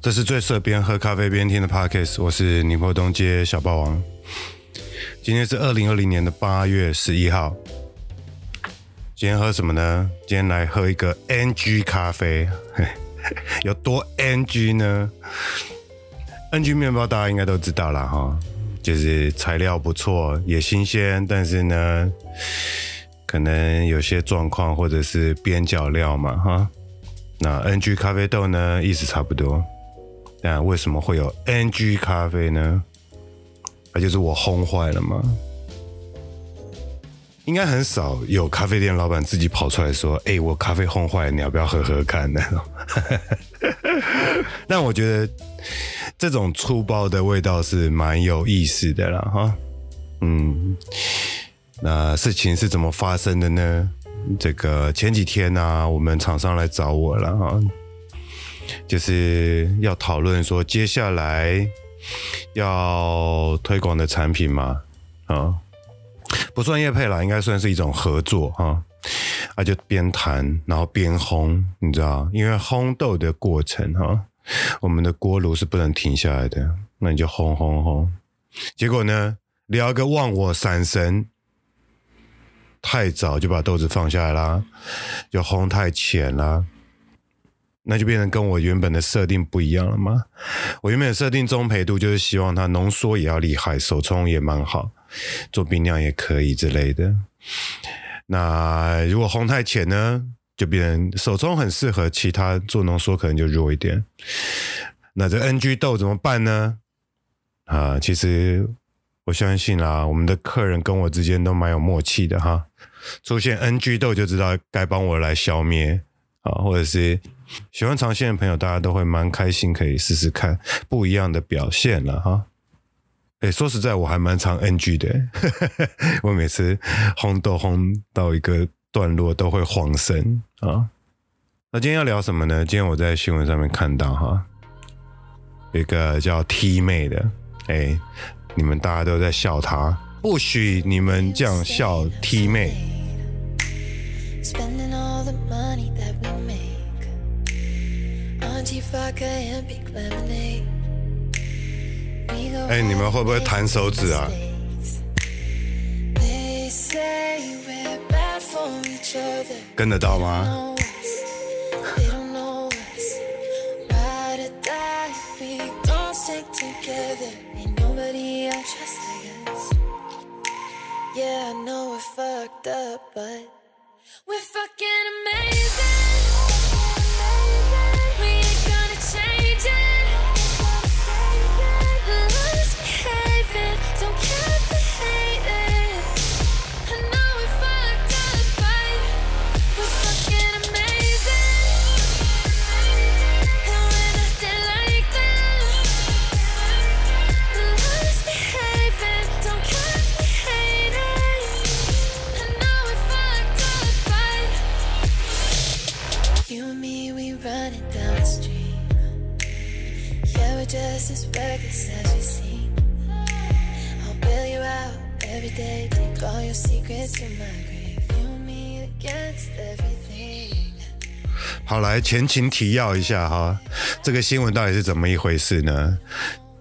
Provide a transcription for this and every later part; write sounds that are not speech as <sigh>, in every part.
這是最適合邊喝咖啡邊聽的 podcast，我是寧波東街小霸王。今天是二零二零年的八月十一號。今天喝什麼呢？今天來喝一個 NG 咖啡。 <laughs> 有多 NG 呢？NG 麵包大家應該都知道了哈，就是材料不錯，也新鮮，但是呢，可能有些狀況或者是邊角料嘛哈。那 NG 咖啡豆呢，意思差不多。那為什麼會有 NG 咖啡呢？那、啊、就是我烘壞了嘛？應該很少有咖啡店老板自己跑出來說：“哎、欸，我咖啡烘壞了，你要不要喝喝看呢？”那 <laughs> 我覺得這種粗暴的味道是蠻有意思的了哈。嗯，那事情是怎麼發生的呢？這個前幾天呢、啊，我們廠商來找我了哈。就是要討論說接下來要推廣的產品嘛？啊，不算業配啦，應該算是一種合作哈、啊啊。啊，就邊談然後邊烘，你知道，因為烘豆的過程哈、啊，我們的鍋爐是不能停下來的，那你就烘烘烘。結果呢，聊個忘我閃神，太早就把豆子放下來啦，就烘太淺啦。那就變成跟我原本的設定不一樣了嗎？我原本的設定中，焙度就是希望它濃縮也要厲害，手沖也蠻好，做冰釀也可以之類的。那如果烘太淺呢，就變成手沖很適合，其他做濃縮可能就弱一點。那這 NG 豆怎麼辦呢？啊，其實我相信啊，我們的客人跟我之間都蠻有默契的哈。出現 NG 豆就知道該幫我來消滅啊，或者是。喜歡嘗鮮的朋友，大家都會蠻開心，可以試試看不一樣的表現了哈。哎，說實在，我還蠻常 NG 的呵呵，我每次轟都轟到一個段落都會晃神啊。那今天要聊什麼呢？今天我在新聞上面看到哈，有一個叫 T 妹的，哎，你們大家都在笑她，不許你們這樣笑 T 妹。哎，你們會不會彈手指啊？跟得到嗎？前情提要一下哈，這個新聞到底是怎麼一回事呢？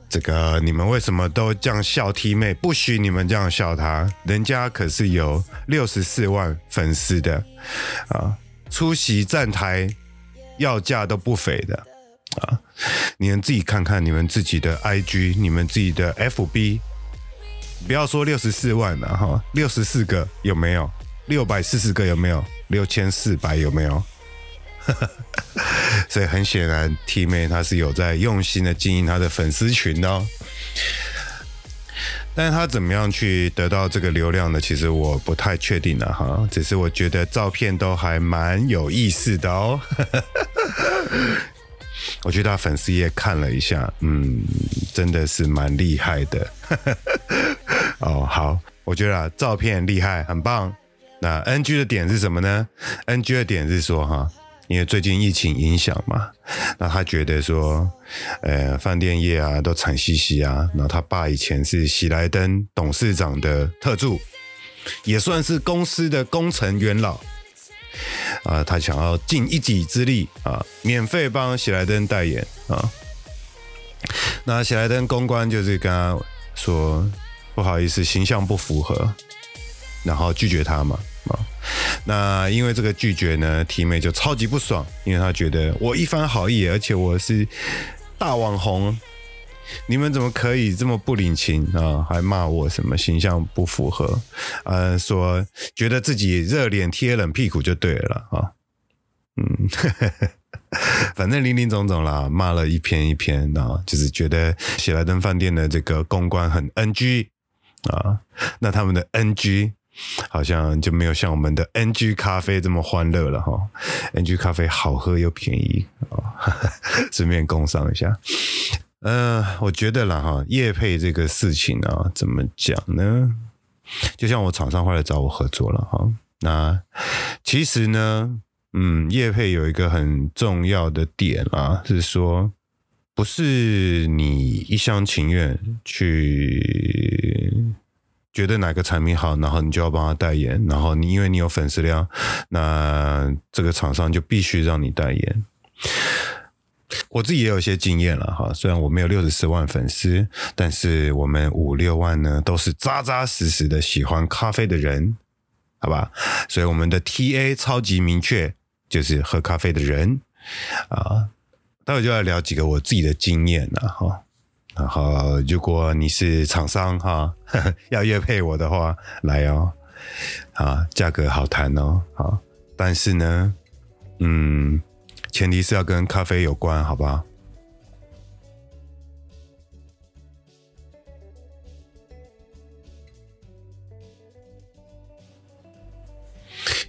這個你們為什麼都這樣笑 T 妹？不許你們這樣笑她，人家可是有六十四萬粉絲的啊！出席站台要價都不菲的啊！你們自己看看你們自己的 IG，你們自己的 FB，不要說六十四萬了哈，六十四個有沒有？六百四十個有沒有？六千四百有沒有？ <laughs> 所以很顯然，T 妹他是有在用心的經營他的粉絲群的哦。但是他怎麼樣去得到這個流量呢？其實我不太確定了哈。只是我覺得照片都還蠻有意思的哦。我去他粉絲頁看了一下，嗯，真的是蠻厲害的。哦，好，我覺得照片厲害，很棒。那 NG 的點是什麼呢？NG 的點是說，哈。因為最近疫情影響嘛，那他覺得說，呃，飯店業啊都慘兮兮啊。然後他爸以前是喜來登董事長的特助，也算是公司的功臣元老啊。他想要盡一己之力啊，免費幫喜來登代言啊。那喜來登公關就是跟他說，不好意思，形象不符合，然後拒絕他嘛。啊、那因為這個拒絕呢，T 妹就超級不爽，因為她覺得我一番好意，而且我是大網紅，你們怎麼可以這麼不領情啊？還罵我什麼形象不符合？呃、啊，說覺得自己熱臉貼冷屁股就對了啊。嗯，呵呵，反正林林總總啦，罵了一篇一篇啊，就是覺得喜來登飯店的這個公關很 NG 啊。那他們的 NG。好像就沒有像我們的 NG 咖啡這麼歡樂了哈，NG 咖啡好喝又便宜啊，順、哦、便工商一下。嗯、呃，我覺得啦哈，業配這個事情啊，怎麼講呢？就像我廠商會來找我合作了哈，那其實呢，嗯，業配有一個很重要的點啊，是說不是你一廂情願去。覺得哪個產品好，然後你就要幫他代言，然後你因為你有粉絲量，那這個廠商就必須讓你代言。我自己也有一些經驗了哈，雖然我沒有六十四萬粉絲，但是我們五六萬呢都是扎扎實實的喜歡咖啡的人，好吧？所以我們的 TA 超級明確，就是喝咖啡的人啊。待會就要聊幾個我自己的經驗了哈。然後，如果你是廠商哈，要業配我的話，來哦，啊，價格好談哦，好，但是呢，嗯，前提是要跟咖啡有關，好吧？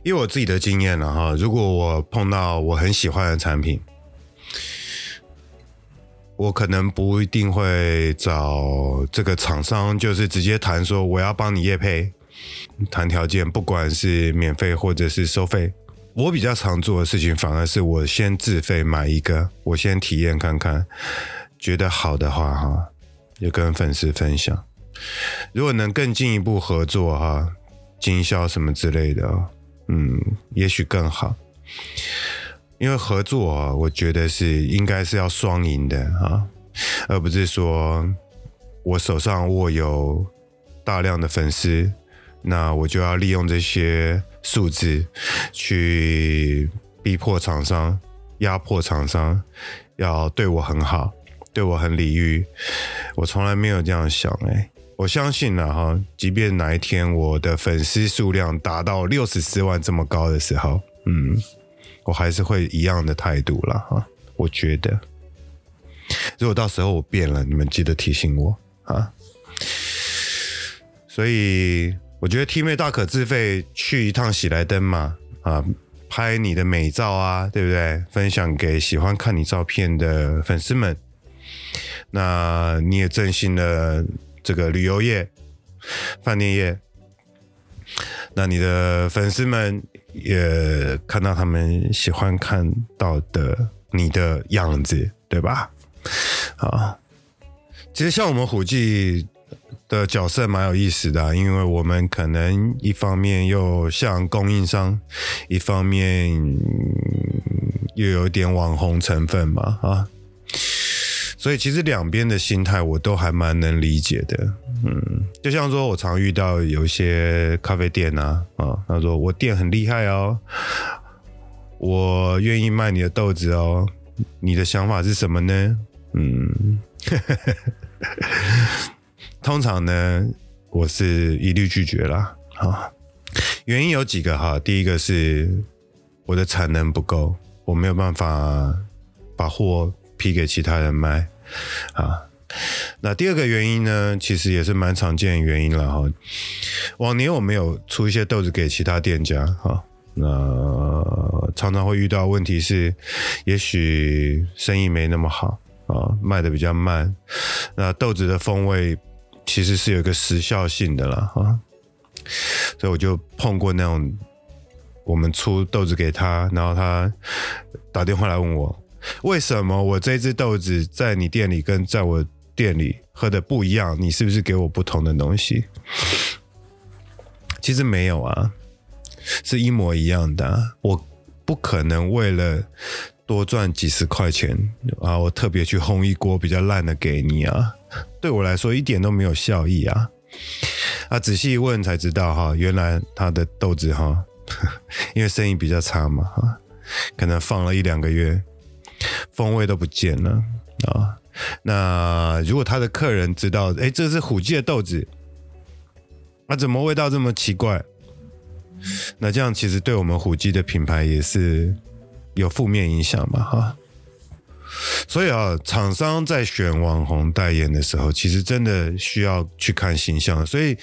因為我自己的經驗了哈，如果我碰到我很喜歡的產品。我可能不一定會找這個廠商，就是直接談說我要幫你業配，談條件，不管是免費或者是收費。我比較常做的事情，反而是我先自費買一個，我先體驗看看，覺得好的話哈，就跟粉絲分享。如果能更進一步合作哈，經銷什麼之類的，嗯，也許更好。因為合作，啊，我覺得是應該是要雙贏的啊，而不是說我手上握有大量的粉絲，那我就要利用這些數字去逼迫廠商、壓迫廠商，要對我很好，對我很禮遇。我從來沒有這樣想、欸，哎，我相信呢，哈，即便哪一天我的粉絲數量達到六十四萬這麼高的時候，嗯。我還是會一樣的態度了哈，我覺得如果到時候我變了，你們記得提醒我啊。所以我覺得 T 妹大可自費去一趟喜來登嘛，啊，拍你的美照啊，對不對？分享給喜歡看你照片的粉絲們，那你也振興了這個旅遊業、飯店業，那你的粉絲們。也看到他們喜歡看到的你的樣子，對吧？啊，其實像我們虎記的角色蠻有意思的啊，因為我們可能一方面又像供應商，一方面又有點網紅成分嘛，啊。所以其實兩邊的心態我都還蠻能理解的，嗯，就像說我常遇到有一些咖啡店啊，啊、哦，他說我店很厲害哦，我願意賣你的豆子哦，你的想法是什麼呢？嗯， <laughs> 通常呢，我是一律拒絕啦。啊、哦，原因有幾個哈，第一個是我的產能不夠，我沒有辦法把貨。批給其他人賣啊，那第二個原因呢，其實也是蠻常見的原因了哈、哦。往年我們有出一些豆子給其他店家啊、哦，那常常會遇到問題是，也許生意沒那麼好啊、哦，賣的比較慢。那豆子的風味其實是有一個時效性的了啊、哦，所以我就碰過那種，我們出豆子給他，然後他打電話來問我，為什麼我這只豆子在你店裡跟在我店裡喝的不一樣？你是不是給我不同的東西？其實沒有啊，是一模一樣的啊。我不可能為了多賺幾十塊錢啊，我特別去烘一鍋比較爛的給你啊。對我來說一點都沒有效益啊啊！仔細一問才知道哈，原來他的豆子哈，呵呵，因為生意比較差嘛，哈，可能放了一兩個月。風味都不見了啊、哦！那如果他的客人知道，哎、欸，這是虎記的豆子，那、啊、怎麼味道這麼奇怪？那這樣其實對我們虎記的品牌也是有負面影響嘛，哈。所以啊，廠商在選網紅代言的時候，其實真的需要去看形象。所以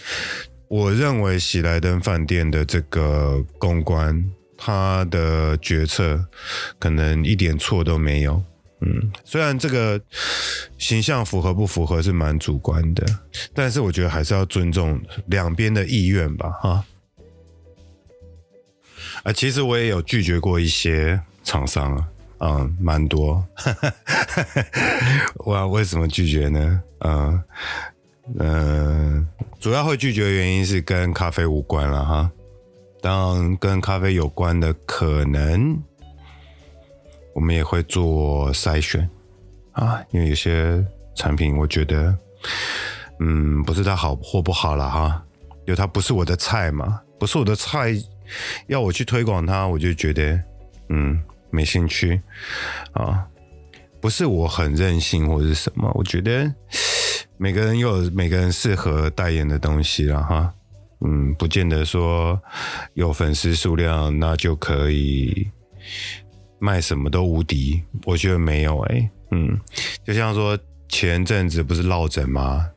我認為喜來登飯店的這個公關。他的決策可能一點錯都沒有，嗯，雖然這個形象符合不符合是蠻主觀的，但是我覺得還是要尊重兩邊的意願吧，哈。啊，其實我也有拒絕過一些廠商啊，啊、嗯，蠻多，哈哈。哇，為什麼拒絕呢？嗯嗯、呃，主要會拒絕的原因是跟咖啡無關了，哈。當跟咖啡有關的，可能我們也會做篩選啊，因為有些產品，我覺得，嗯，不是它好或不好了哈，因為它不是我的菜嘛，不是我的菜，要我去推廣它，我就覺得，嗯，沒興趣啊，不是我很任性或是什麼，我覺得每個人又有每個人適合代言的東西了哈。啊嗯，不見得說有粉絲數量，那就可以賣什麼都無敵。我覺得沒有哎、欸，嗯，就像說前陣子不是落枕嗎？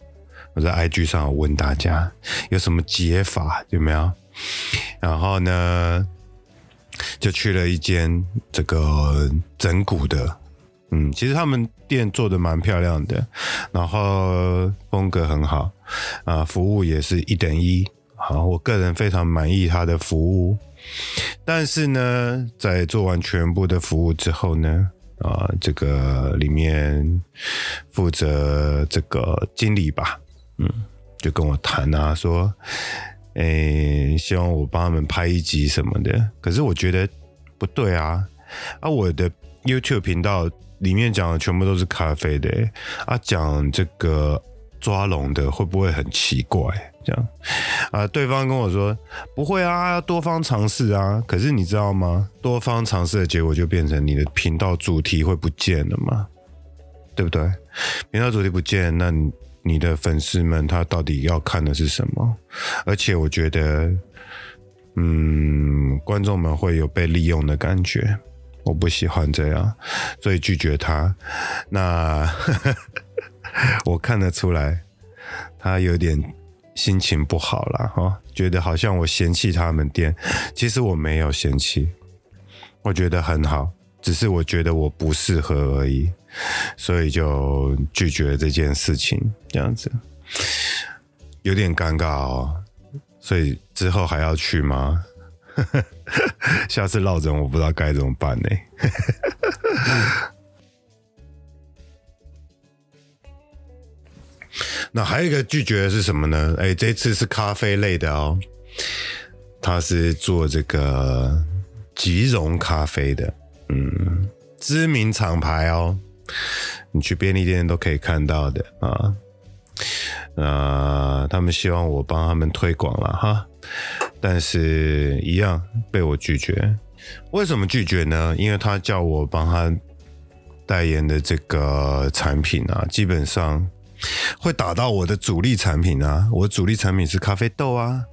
我在 IG 上有問大家有什麼解法有沒有？然後呢，就去了一間這個整骨的，嗯，其實他們店做的蠻漂亮的，然後風格很好啊，服務也是一等一。好，我個人非常滿意他的服務，但是呢，在做完全部的服務之後呢，啊，這個裡面負責這個經理吧，嗯，就跟我談啊，說，誒，希望我幫他們拍一集什麼的，可是我覺得不對啊，啊，我的 YouTube 頻道裡面講的全部都是咖啡的，啊，講這個。抓龍的會不會很奇怪？這樣啊？對方跟我說不會啊，多方嘗試啊。可是你知道嗎？多方嘗試的結果就變成你的頻道主題會不見了嘛？對不對？頻道主題不見，那你的粉絲們他到底要看的是什麼？而且我覺得，嗯，觀眾們會有被利用的感覺。我不喜歡這樣，所以拒絕他。那。 <laughs> <laughs> 我看得出來，他有點心情不好了哈、哦，覺得好像我嫌棄他們店，其實我沒有嫌棄，我覺得很好，只是我覺得我不適合而已，所以就拒絕了這件事情，這樣子有點尷尬哦。所以之後還要去嗎？ <laughs> 下次落枕我不知道該怎麼辦呢。 <laughs> <laughs> 那還有一個拒絕的是什麼呢？哎、欸，這次是咖啡類的哦，他是做這個即溶咖啡的，嗯，知名廠牌哦，你去便利店都可以看到的啊。那、呃、他們希望我幫他們推廣了哈，但是一樣被我拒絕。為什麼拒絕呢？因為他叫我幫他代言的這個產品啊，基本上。會打到我的主力產品啊！我主力產品是咖啡豆啊！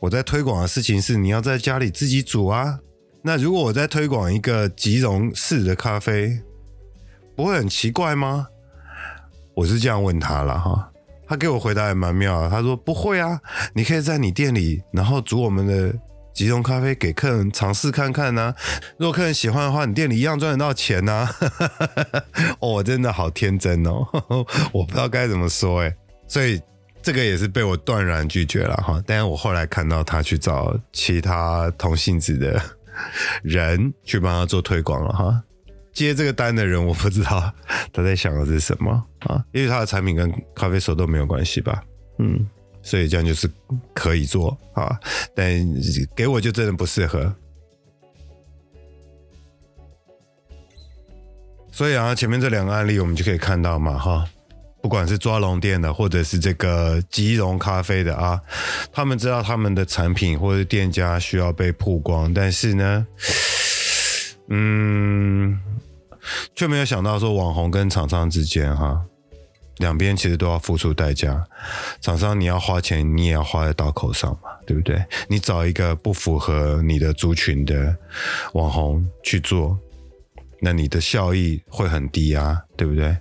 我在推廣的事情是你要在家裡自己煮啊。那如果我在推廣一個即溶式的咖啡，不會很奇怪嗎？我是這樣問他了哈，他給我回答也蠻妙啊。他說不會啊，你可以在你店裡，然後煮我們的。即溶咖啡給客人嘗試看看呢、啊，如果客人喜歡的話，你店裡一樣賺得到錢呢、啊。 <laughs> 哦，我真的好天真哦，我不知道該怎麼說哎，所以這個也是被我斷然拒絕了哈。但是我後來看到他去找其他同性質的人去幫他做推廣了哈。接這個單的人我不知道他在想的是什麼啊，因為他的產品跟咖啡手都沒有關係吧。嗯。所以這樣就是可以做啊，但給我就真的不適合。所以啊，前面這兩個案例我們就可以看到嘛，哈，不管是抓龍店的，或者是這個吉隆咖啡的啊，他們知道他們的產品或者店家需要被曝光，但是呢，嗯，卻沒有想到說網紅跟廠商之間哈。兩邊其實都要付出代價，廠商你要花錢，你也要花在刀口上嘛，對不對？你找一個不符合你的族群的網紅去做，那你的效益會很低啊，對不對？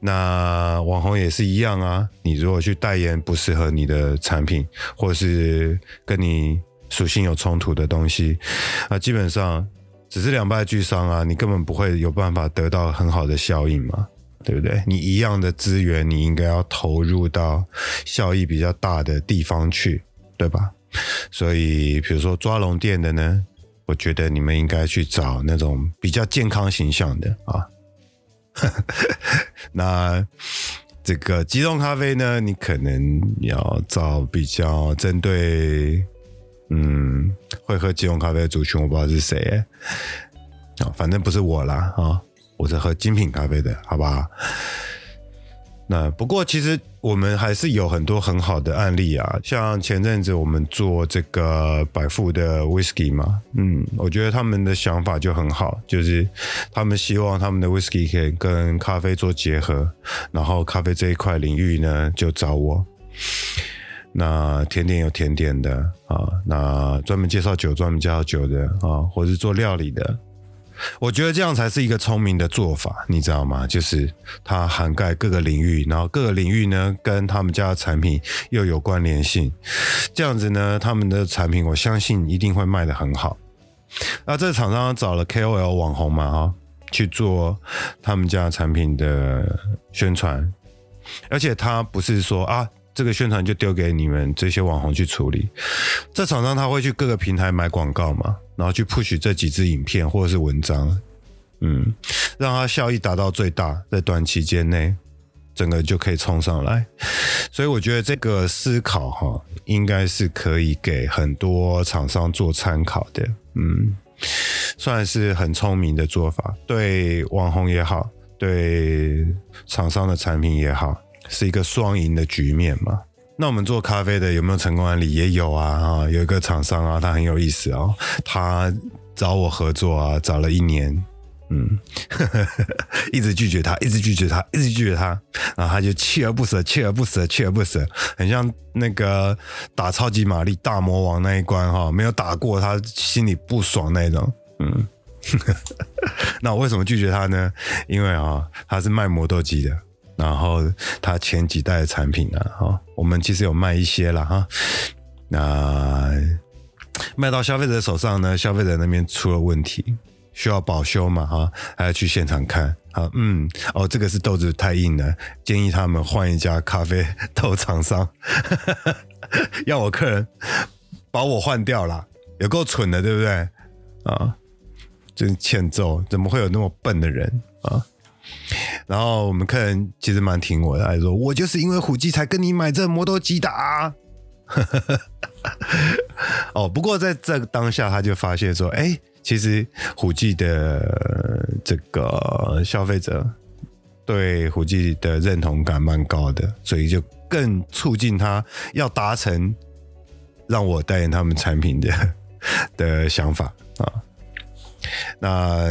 那網紅也是一樣啊，你如果去代言不適合你的產品，或是跟你屬性有衝突的東西，那、啊、基本上只是兩敗俱傷啊，你根本不會有辦法得到很好的效應嘛。對不對？你一樣的資源，你應該要投入到效益比較大的地方去，對吧？所以，比如說抓龍店的呢，我覺得你們應該去找那種比較健康形象的啊。 <laughs> 那這個激動咖啡呢，你可能要找比較針對嗯會喝激動咖啡的族群，我不知道是誰，啊，反正不是我啦啊。我是喝精品咖啡的，好吧？那不過其實我們還是有很多很好的案例啊，像前陣子我們做這個百富的 whisky 嘛，嗯，我覺得他們的想法就很好，就是他們希望他們的 whisky 可以跟咖啡做結合，然後咖啡這一塊領域呢就找我。那甜點有甜點的啊，那專門介紹酒、專門介紹酒的啊，或者是做料理的。我覺得這樣才是一個聰明的做法，你知道嗎？就是它涵蓋各個領域，然後各個領域呢跟他們家的產品又有關聯性，這樣子呢他們的產品我相信一定會賣得很好。那這廠商找了 KOL 網紅嘛哈，去做他們家產品的宣傳，而且他不是說啊。這個宣傳就丟給你們這些網紅去處理。這廠商他會去各個平台買廣告嘛，然後去 push 這幾支影片或者是文章，嗯，讓它效益達到最大，在短期間內，整個就可以衝上來。所以我覺得這個思考哈，應該是可以給很多廠商做參考的，嗯，算是很聰明的做法，對網紅也好，對廠商的產品也好。是一個雙贏的局面嘛。那我們做咖啡的有沒有成功案例？也有啊啊，有一個廠商啊，他很有意思啊、哦，他找我合作啊，找了一年，嗯呵呵，一直拒絕他，一直拒絕他，一直拒絕他，然後他就鍥而不捨，鍥而不捨，鍥而不捨，很像那個打超級瑪麗大魔王那一關哈，沒有打過他心裡不爽那種，嗯，呵呵，那我為什麼拒絕他呢？因為啊、哦，他是賣磨豆機的。然後他前幾代的產品呢、啊？哈、哦，我們其實有賣一些了哈、啊。那賣到消費者手上呢？消費者那邊出了問題，需要保修嘛？哈、啊，還要去現場看。啊，嗯，哦，這個是豆子太硬了，建議他們換一家咖啡豆廠商呵呵。要我客人把我換掉啦。也夠蠢的，對不對？啊，真、就是、欠揍！怎麼會有那麼笨的人啊？然後我們客人其實蠻挺我的，他還說我就是因為虎記才跟你買這摩托機的。啊。’ <laughs> 哦，不過在這個當下，他就發現說，哎，其實虎記的這個消費者對虎記的認同感蠻高的，所以就更促進他要達成讓我代言他們產品的的想法啊。那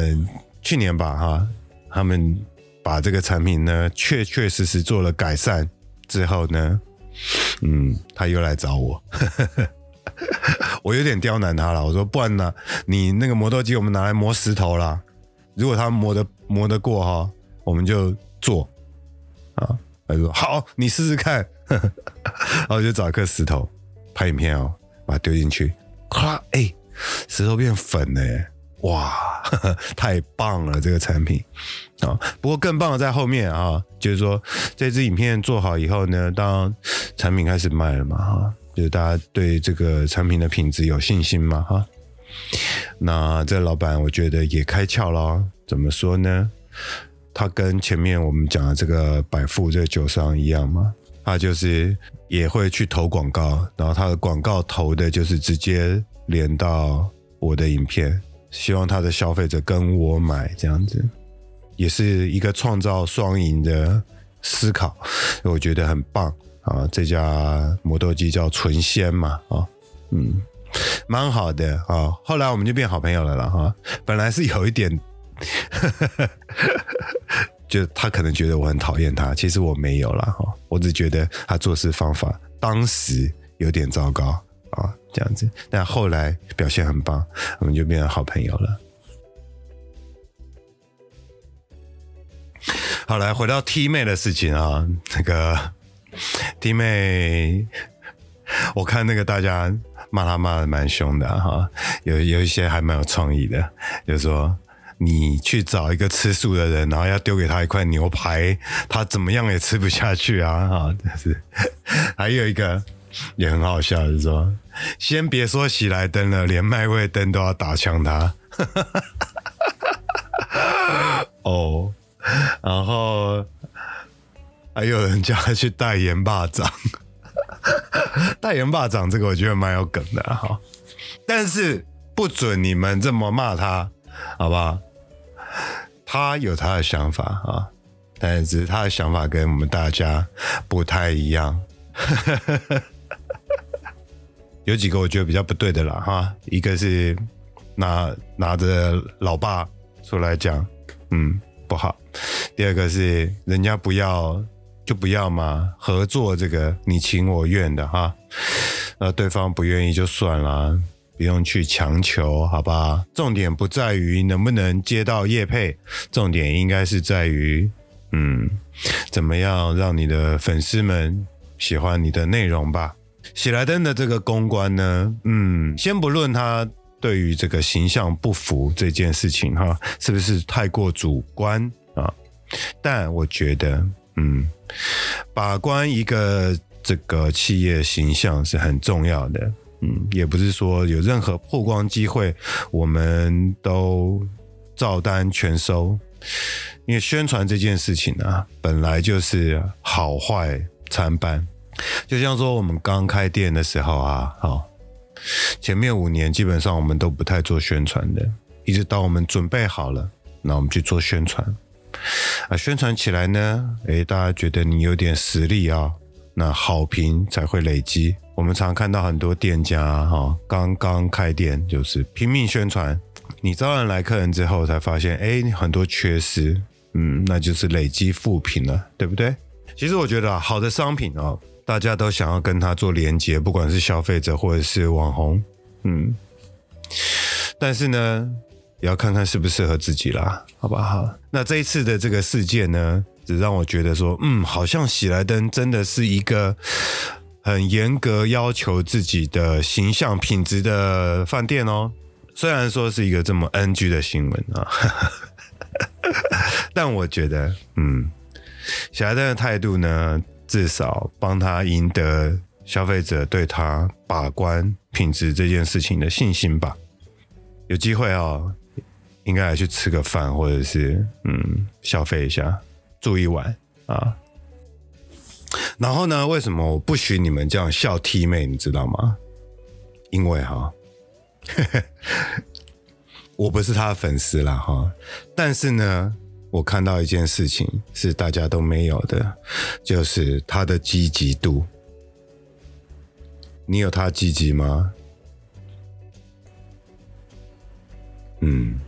去年吧，哈。他們把這個產品呢，確確實實做了改善之後呢，嗯，他又來找我，呵呵，我有點刁難他了。我說，不然呢，你那個磨豆機我們拿來磨石頭啦。如果他磨得磨得過哈，我們就做。啊，他說好，你試試看呵呵。然後我就找一顆石頭拍影片哦，把它丟進去，咔，哎，石頭變粉了欸。哇，太棒了這個產品啊！不過更棒的在後面啊，就是說這支影片做好以後呢，當產品開始賣了嘛哈，就是大家對這個產品的品質有信心嘛哈啊。那這老闆我覺得也開竅咯，怎麼說呢？他跟前面我們講的這個百富這個酒商一樣嘛，他就是也會去投廣告，然後他的廣告投的就是直接連到我的影片。希望他的消費者跟我買，這樣子也是一個創造雙贏的思考，我覺得很棒啊！這家磨豆機叫“純鮮”嘛，啊、哦，嗯，蠻好的啊、哦。後來我們就變好朋友了啦，啊、哦。本來是有一點， <laughs> 就他可能覺得我很討厭他，其實我沒有啦，哈、哦，我只覺得他做事方法當時有點糟糕。啊，這樣子，但後來表現很棒，我們就變成好朋友了。好來，來回到 T 妹的事情啊，那個 T 妹，我看那個大家罵她罵的蠻兇的哈、啊，有有一些還蠻有創意的，就是、說你去找一個吃素的人，然後要丟給他一塊牛排，他怎麼樣也吃不下去啊，啊，哈、就是，這是還有一個。也很好笑，是是，是吧？先別說喜來登了，連麥味登都要打槍他。 <laughs> <laughs> 哦，然後還有人叫他去代言霸掌。 <laughs> 代言霸掌這個我覺得蠻有梗的哈，但是不准你們這麼罵他，好不好？他有他的想法啊，但是他的想法跟我們大家不太一樣。 <laughs> 有幾個我覺得比較不對的啦，哈，一個是拿拿着老爸出來講，嗯，不好；第二個是人家不要就不要嘛，合作這個你情我願的哈，呃，對方不願意就算啦，不用去強求，好吧？重點不在於能不能接到業配，重點應該是在於，嗯，怎麼樣讓你的粉絲們喜歡你的內容吧。喜來登的這個公關呢，嗯，先不論他對於這個形象不符這件事情哈，是不是太過主觀啊？但我覺得，嗯，把關一個這個企業形象是很重要的。嗯，也不是說有任何曝光機會，我們都照單全收。因為宣傳這件事情啊，本來就是好壞參半。就像說我們剛開店的時候啊，好，前面五年基本上我們都不太做宣傳的，一直到我們準備好了，那我們去做宣傳，啊，宣傳起來呢，誒，大家覺得你有點實力啊，哦，那好評才會累積。我們常看到很多店家哈，啊，剛剛開店就是拼命宣傳，你招人來客人之後才發現，誒，很多缺失，嗯，那就是累積負評了，對不對？其實我覺得、啊、好的商品啊。大家都想要跟他做連接，不管是消費者或者是網紅，嗯，但是呢，也要看看適不適合自己啦，好不好？嗯、那這一次的這個事件呢，只讓我覺得說，嗯，好像喜來登真的是一個很嚴格要求自己的形象品質的飯店哦、喔。雖然說是一個這麼 NG 的新聞啊，嗯、 <laughs> 但我覺得，嗯，喜來登的態度呢，至少幫他贏得消費者對他把關品質這件事情的信心吧。有機會哦，應該來去吃個飯，或者是嗯，消費一下，住一晚啊。然後呢，為什麼我不許你們這樣笑 T 妹？你知道嗎？因為哈，嘿嘿，我不是他的粉絲啦哈，但是呢。我看到一件事情是大家都沒有的，就是他的積極度。你有他積極嗎？嗯。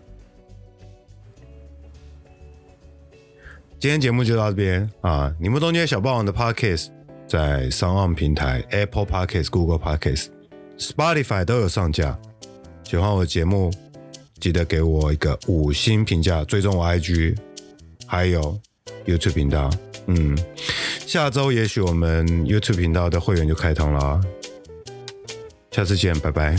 今天節目就到這邊啊！你們中間小霸王的 Podcast 在 SoundOn 平台、Apple Podcast、Google Podcast、Spotify 都有上架。喜歡我的節目，記得給我一個五星評價，追蹤我 IG。還有 YouTube 頻道，嗯，下週也許我們 YouTube 頻道的會員就開通了啊。下次見，拜拜。